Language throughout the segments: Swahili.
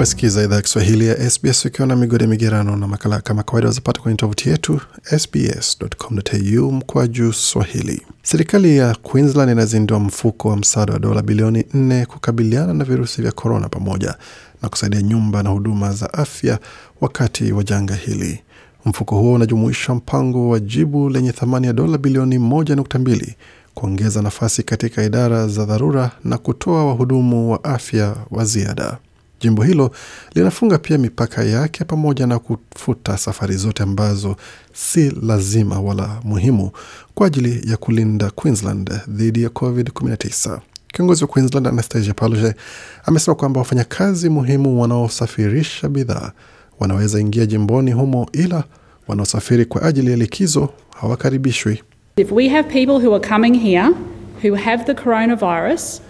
Wasikiza idhaa ya Kiswahili ya SBS ukiwa na migode migerano na makala kama kawaida, wazapata kwenye tovuti yetu sbs.com.au mkwa juu swahili. Serikali ya Queensland inazindua mfuko wa msaada wa dola bilioni nne kukabiliana na virusi vya korona pamoja na kusaidia nyumba na huduma za afya wakati wa janga hili. Mfuko huo unajumuisha mpango wa jibu lenye thamani ya dola bilioni moja nukta mbili kuongeza nafasi katika idara za dharura na kutoa wahudumu wa afya wa ziada. Jimbo hilo linafunga pia mipaka yake pamoja na kufuta safari zote ambazo si lazima wala muhimu kwa ajili ya kulinda Queensland dhidi ya COVID-19. Kiongozi wa Queensland Anastasia Palaszczuk amesema kwamba wafanyakazi muhimu wanaosafirisha bidhaa wanaweza ingia jimboni humo, ila wanaosafiri kwa ajili ya likizo hawakaribishwi. If we have people who are coming here who have the coronavirus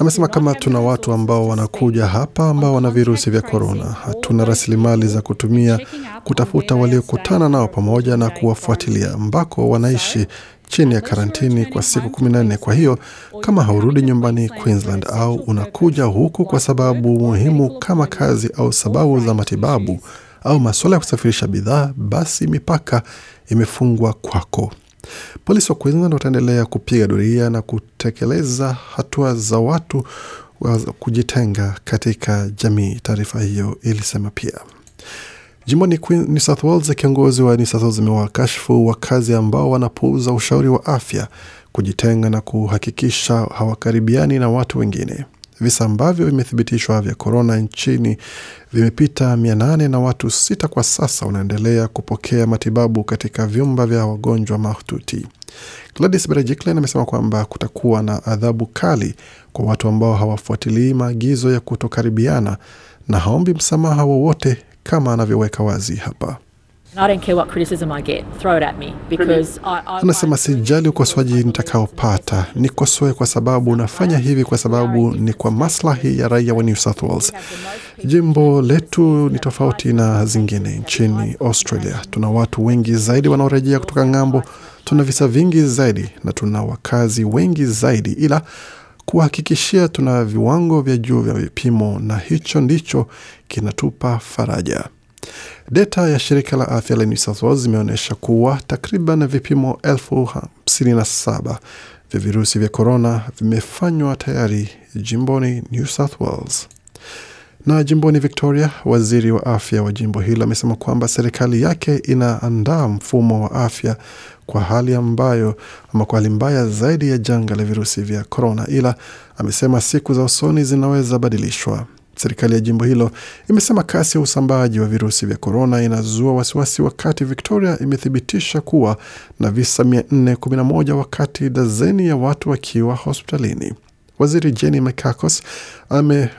Amesema kama tuna watu ambao wanakuja hapa ambao wana virusi vya korona, hatuna rasilimali za kutumia kutafuta waliokutana nao pamoja na kuwafuatilia ambako wanaishi chini ya karantini kwa siku kumi na nne. Kwa hiyo kama haurudi nyumbani Queensland au unakuja huku kwa sababu muhimu kama kazi au sababu za matibabu au masuala ya kusafirisha bidhaa, basi mipaka imefungwa kwako. Polisi wa Queensland wataendelea kupiga doria na kutekeleza hatua za watu wa kujitenga katika jamii, taarifa hiyo ilisema pia. Jimboni New South Wales, kiongozi wa New South Wales amewakashifu wakazi ambao wanapuuza ushauri wa afya, kujitenga na kuhakikisha hawakaribiani na watu wengine visa ambavyo vimethibitishwa vya korona nchini vimepita mia nane na watu sita kwa sasa wanaendelea kupokea matibabu katika vyumba vya wagonjwa mahututi. Gladys Berejiklian amesema kwamba kutakuwa na adhabu kali kwa watu ambao hawafuatilii maagizo ya kutokaribiana na haombi msamaha wowote kama anavyoweka wazi hapa. Anasema sijali ukosoaji nitakaopata, nikosoe kwa sababu nafanya hivi kwa sababu ni kwa maslahi ya raia wa New South Wales. Jimbo letu ni tofauti na zingine nchini Australia. Tuna watu wengi zaidi wanaorejea kutoka ng'ambo, tuna visa vingi zaidi na tuna wakazi wengi zaidi, ila kuhakikishia tuna viwango vya juu vya vipimo, na hicho ndicho kinatupa faraja. Data ya shirika la afya la New South Wales zimeonyesha kuwa takriban vipimo elfu hamsini na saba vya virusi vya korona vimefanywa tayari jimboni New South Wales. Na jimboni Victoria, waziri wa afya wa jimbo hilo amesema kwamba serikali yake inaandaa mfumo wa afya kwa hali ambayo ama kwa hali mbaya zaidi ya janga la virusi vya korona, ila amesema siku za usoni zinaweza badilishwa. Serikali ya jimbo hilo imesema kasi ya usambaaji wa virusi vya korona inazua wasiwasi, wakati Victoria imethibitisha kuwa na visa 411 wakati dazeni ya watu wakiwa hospitalini. Waziri Jenny Mekakos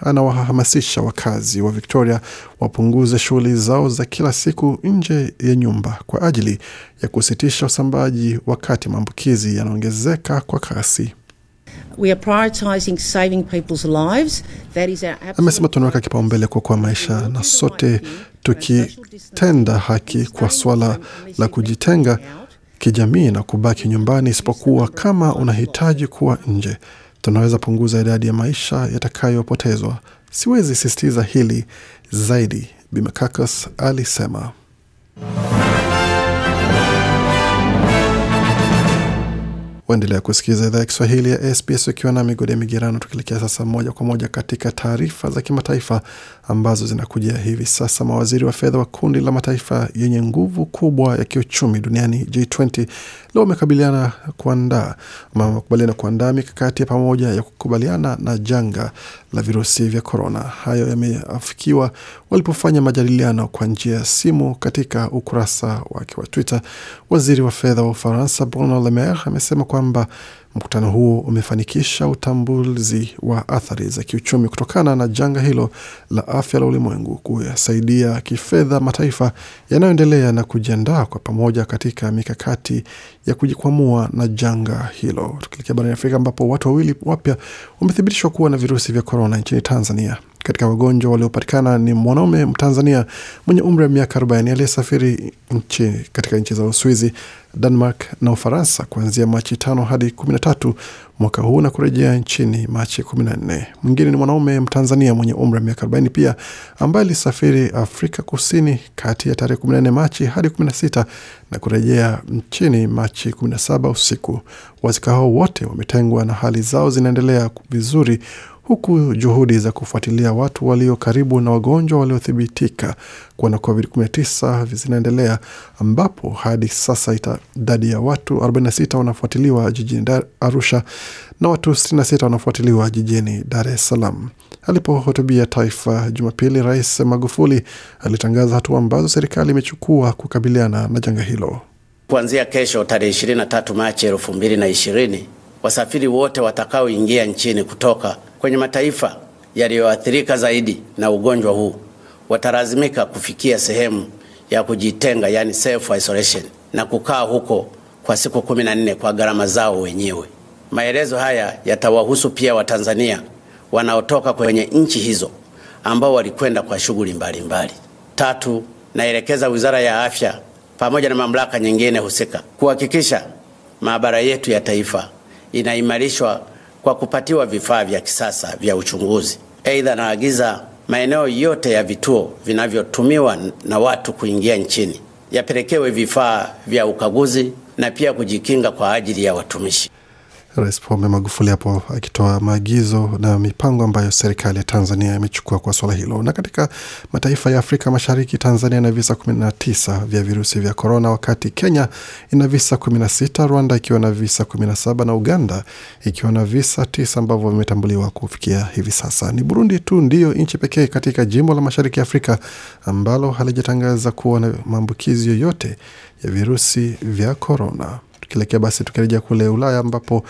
anawahamasisha wakazi wa Victoria wapunguze shughuli zao za kila siku nje ya nyumba kwa ajili ya kusitisha usambaaji wakati maambukizi yanaongezeka kwa kasi. Amesema tunaweka kipaumbele kuokoa maisha na sote tukitenda haki kwa swala la kujitenga kijamii na kubaki nyumbani, isipokuwa kama unahitaji kuwa nje, tunaweza punguza idadi ya maisha yatakayopotezwa. Siwezi sisitiza hili zaidi, Bimakakas alisema. Waendelea kusikiliza idhaa ya Kiswahili ya SBS ukiwa na migode migerano, tukielekea sasa moja kwa moja katika taarifa za kimataifa ambazo zinakujia hivi sasa. Mawaziri wa fedha wa kundi la mataifa yenye nguvu kubwa ya kiuchumi duniani G20 leo wamekabiliana kuandaa makubaliano kuandaa mikakati ya pamoja ya kukubaliana na janga la virusi vya korona. Hayo yameafikiwa walipofanya majadiliano kwa njia ya simu katika ukurasa wake wa Twitter. Waziri wa fedha wa Ufaransa Bruno Le Maire amesema kwa kwamba mkutano huo umefanikisha utambuzi wa athari za kiuchumi kutokana na janga hilo la afya la ulimwengu, kuyasaidia kifedha mataifa yanayoendelea na kujiandaa kwa pamoja katika mikakati ya kujikwamua na janga hilo. tukilekea barani Afrika ambapo watu wawili wapya wamethibitishwa kuwa na virusi vya korona nchini Tanzania katika wagonjwa waliopatikana ni mwanaume Mtanzania mwenye umri wa miaka 40 aliyesafiri nchi katika nchi za Uswizi, danmark na Ufaransa kuanzia Machi tano hadi 13 mwaka huu na kurejea nchini Machi 14. Mwingine ni mwanaume Mtanzania mwenye umri wa miaka 40 pia ambaye alisafiri Afrika Kusini kati ya tarehe 14 Machi hadi 16 na kurejea nchini Machi 17 usiku. Wazika hao wote wametengwa na hali zao zinaendelea vizuri huku juhudi za kufuatilia watu walio karibu na wagonjwa waliothibitika kuwa na COVID-19 zinaendelea, ambapo hadi sasa idadi ya watu 46 wanafuatiliwa jijini Arusha na watu 66 wanafuatiliwa jijini Dar es Salaam. Alipohutubia taifa Jumapili, Rais Magufuli alitangaza hatua ambazo serikali imechukua kukabiliana na janga hilo. Kuanzia kesho tarehe 23 Machi 2020 wasafiri wote watakaoingia nchini kutoka kwenye mataifa yaliyoathirika zaidi na ugonjwa huu watalazimika kufikia sehemu ya kujitenga, yani self isolation, na kukaa huko kwa siku kumi na nne kwa gharama zao wenyewe. Maelezo haya yatawahusu pia Watanzania wanaotoka kwenye nchi hizo ambao walikwenda kwa shughuli mbalimbali. Tatu, naelekeza Wizara ya Afya pamoja na mamlaka nyingine husika kuhakikisha maabara yetu ya taifa inaimarishwa kwa kupatiwa vifaa vya kisasa vya uchunguzi. Aidha, naagiza maeneo yote ya vituo vinavyotumiwa na watu kuingia nchini yapelekewe vifaa vya ukaguzi na pia kujikinga kwa ajili ya watumishi. Rais Pombe Magufuli hapo akitoa maagizo na mipango ambayo serikali ya Tanzania imechukua kwa suala hilo. Na katika mataifa ya Afrika Mashariki, Tanzania ina visa 19 vya virusi vya korona, wakati Kenya ina visa 16, Rwanda ikiwa na visa 17 na Uganda ikiwa na visa 9 ambavyo vimetambuliwa kufikia hivi sasa. Ni Burundi tu ndiyo nchi pekee katika jimbo la Mashariki Afrika ambalo halijatangaza kuwa na maambukizi yoyote ya virusi vya korona. Tukielekea basi, tukirejea kule Ulaya ambapo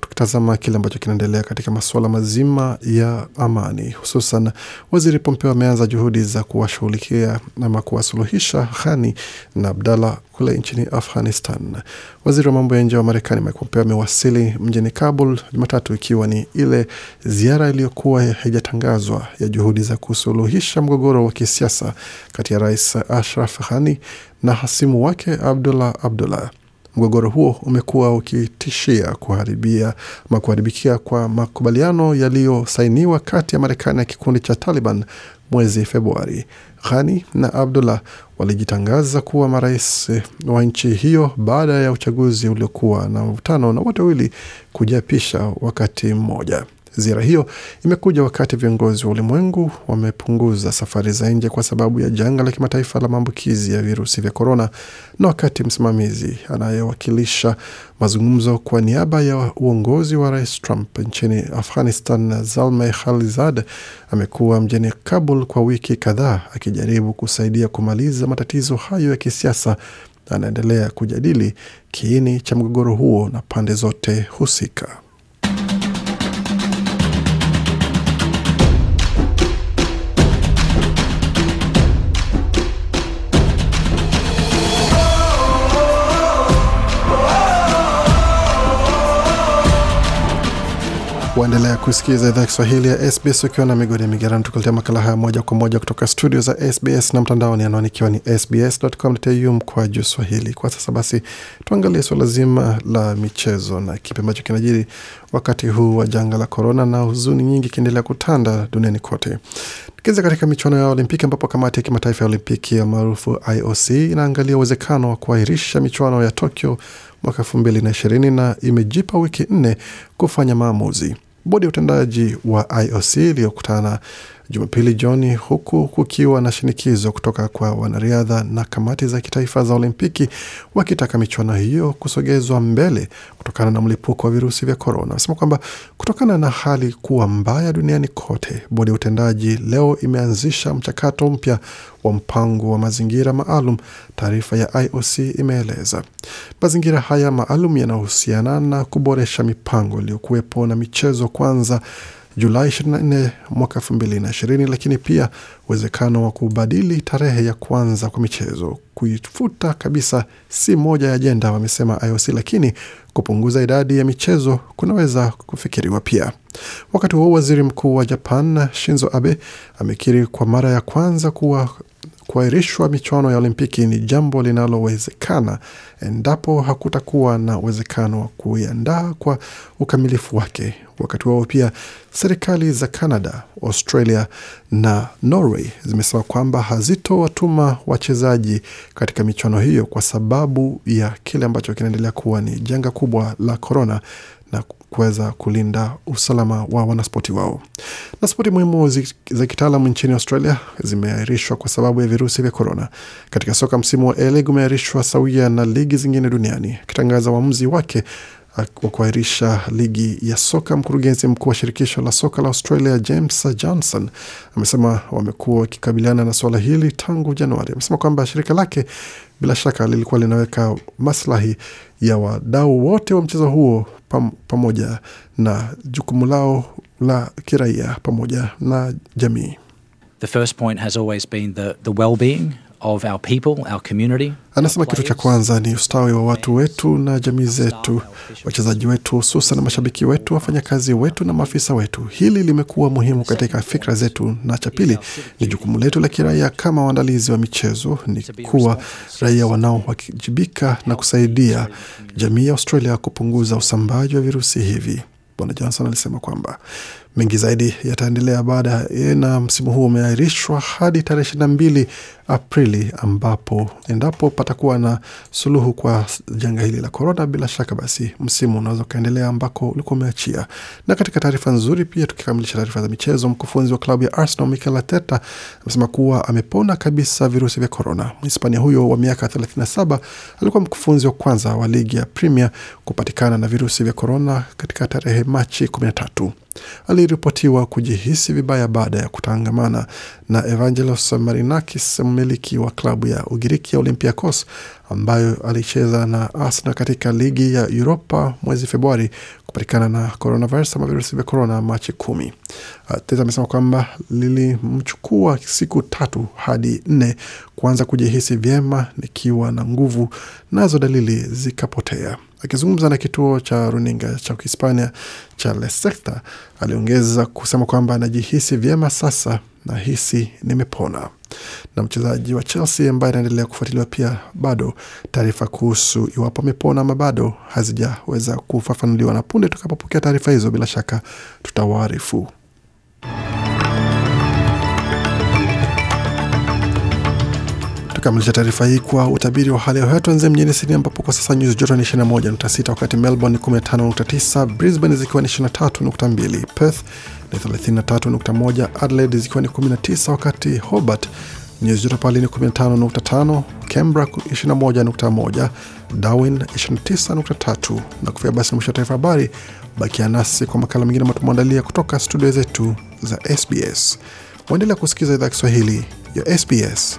tukitazama kile ambacho kinaendelea katika masuala mazima ya amani, hususan waziri Pompeo ameanza juhudi za kuwashughulikia ama kuwasuluhisha Ghani na Abdallah kule nchini Afghanistan. Waziri wa mambo ya nje wa Marekani Mike Pompeo amewasili mjini Kabul Jumatatu, ikiwa ni ile ziara iliyokuwa haijatangazwa ya juhudi za kusuluhisha mgogoro wa kisiasa kati ya Rais Ashraf Ghani na hasimu wake Abdullah Abdullah. Mgogoro huo umekuwa ukitishia kuharibia ama kuharibikia kwa makubaliano yaliyosainiwa kati ya Marekani na kikundi cha Taliban mwezi Februari. Ghani na Abdullah walijitangaza kuwa marais wa nchi hiyo baada ya uchaguzi uliokuwa na mvutano na wote wawili kujiapisha wakati mmoja. Ziara hiyo imekuja wakati viongozi wa ulimwengu wamepunguza safari za nje kwa sababu ya janga la kimataifa la maambukizi ya virusi vya korona, na wakati msimamizi anayewakilisha mazungumzo kwa niaba ya uongozi wa rais Trump nchini Afghanistan, Zalmay Khalilzad amekuwa mjini Kabul kwa wiki kadhaa akijaribu kusaidia kumaliza matatizo hayo ya kisiasa anaendelea kujadili kiini cha mgogoro huo na pande zote husika. Waendelea kusikiliza idhaa Kiswahili ya SBS ukiwa na migodi migerani, tukuletea makala haya moja kwa moja kutoka studio za SBS na mtandaoni, anwani ikiwa ni sbs.com.au mkwa juu swahili. Kwa sasa basi, tuangalie suala zima la michezo na kipi ambacho kinajiri wakati huu wa janga la korona na huzuni nyingi ikiendelea kutanda duniani kote. Tukianza katika michuano ya Olimpiki ambapo kamati ya kimataifa ya Olimpiki ya maarufu IOC inaangalia uwezekano wa kuahirisha michuano ya Tokyo mwaka elfu mbili na ishirini na imejipa wiki nne kufanya maamuzi bodi ya utendaji wa IOC iliyokutana Jumapili jioni, huku kukiwa na shinikizo kutoka kwa wanariadha na kamati za kitaifa za Olimpiki wakitaka michuano hiyo kusogezwa mbele kutokana na mlipuko wa virusi vya korona. Wanasema kwamba kutokana na hali kuwa mbaya duniani kote, bodi ya utendaji leo imeanzisha mchakato mpya wa mpango wa mazingira maalum, taarifa ya IOC imeeleza. Mazingira haya maalum yanahusiana na kuboresha mipango iliyokuwepo na michezo kwanza Julai 24 mwaka 2020, lakini pia uwezekano wa kubadili tarehe ya kwanza kwa michezo, kuifuta kabisa si moja ya ajenda, wamesema IOC, lakini kupunguza idadi ya michezo kunaweza kufikiriwa pia. Wakati huo waziri mkuu wa Japan Shinzo Abe amekiri kwa mara ya kwanza kuwa kuahirishwa michuano ya Olimpiki ni jambo linalowezekana endapo hakutakuwa na uwezekano wa kuiandaa kwa ukamilifu wake. Wakati wao pia, serikali za Canada, Australia na Norway zimesema kwamba hazitowatuma wachezaji katika michuano hiyo kwa sababu ya kile ambacho kinaendelea kuwa ni janga kubwa la korona na kuweza kulinda usalama wa wanaspoti wao. Na spoti muhimu za kitaalam nchini Australia zimeahirishwa kwa sababu ya virusi vya korona. Katika soka, msimu wa A-League umeahirishwa sawia na ligi zingine duniani. Akitangaza uamuzi wake wa kuahirisha ligi ya soka, mkurugenzi mkuu wa shirikisho la soka la Australia James Johnson amesema wamekuwa wakikabiliana na suala hili tangu Januari. Amesema kwamba shirika lake bila shaka lilikuwa linaweka maslahi ya wadau wote wa mchezo huo pam, pamoja na jukumu lao la kiraia pamoja na jamii. The first point has always been the, the well-being of our people, our community. Anasema kitu cha kwanza ni ustawi wa watu wetu na jamii zetu, wachezaji wetu hususan, mashabiki wetu, wafanyakazi wetu na maafisa wetu. Hili limekuwa muhimu katika fikra zetu, na cha pili ni jukumu letu la kiraia kama waandalizi wa michezo, ni kuwa raia wanaowajibika na kusaidia jamii ya Australia kupunguza usambaji wa virusi hivi. Bwana Johnson alisema kwamba Mengi zaidi yataendelea baada na msimu huu umeahirishwa hadi tarehe ishirini na mbili Aprili, ambapo endapo patakuwa na suluhu kwa janga hili la korona, bila shaka basi msimu unaweza ukaendelea ambako ulikuwa umeachia. Na katika taarifa nzuri pia, tukikamilisha taarifa za michezo, mkufunzi wa klabu ya Arsenal Mikel Arteta amesema kuwa amepona kabisa virusi vya korona. Mhispania huyo wa miaka 37 alikuwa mkufunzi wa kwanza wa ligi ya Premier kupatikana na virusi vya korona katika tarehe Machi Aliripotiwa kujihisi vibaya baada ya kutangamana na Evangelos Marinakis, mmiliki wa klabu ya Ugiriki ya Olympiacos ambayo alicheza na Arsenal katika ligi ya Uropa mwezi Februari kupatikana na coronavirus ama virusi vya corona Machi kumi. Arteta ah, amesema kwamba lilimchukua siku tatu hadi nne kuanza kujihisi vyema nikiwa na nguvu, nazo dalili zikapotea. Akizungumza na kituo cha runinga cha Kihispania cha La Sexta, aliongeza kusema kwamba anajihisi vyema sasa nahisi nimepona. Na mchezaji wa Chelsea ambaye anaendelea kufuatiliwa pia, bado taarifa kuhusu iwapo amepona ama bado hazijaweza kufafanuliwa, na punde tukapopokea taarifa hizo, bila shaka tutawaarifu. Kamilisha taarifa hii kwa utabiri wa hali ya hewa. Tuanzie mjini Sydney ambapo kwa sasa nyuzi joto ni 21.6, wakati Melbourne 15.9, Brisbane zikiwa ni 23.2, Perth ni 33.1, Adelaide zikiwa ni 19, wakati Hobart nyuzi joto pale ni 15.5, Canberra 21.1, Darwin 29.3. Na kufika basi mwisho wa taarifa habari. Bakia nasi kwa makala mengine ambayo tumeandalia kutoka studio zetu za SBS. Waendelea kusikiza idhaa Kiswahili ya SBS.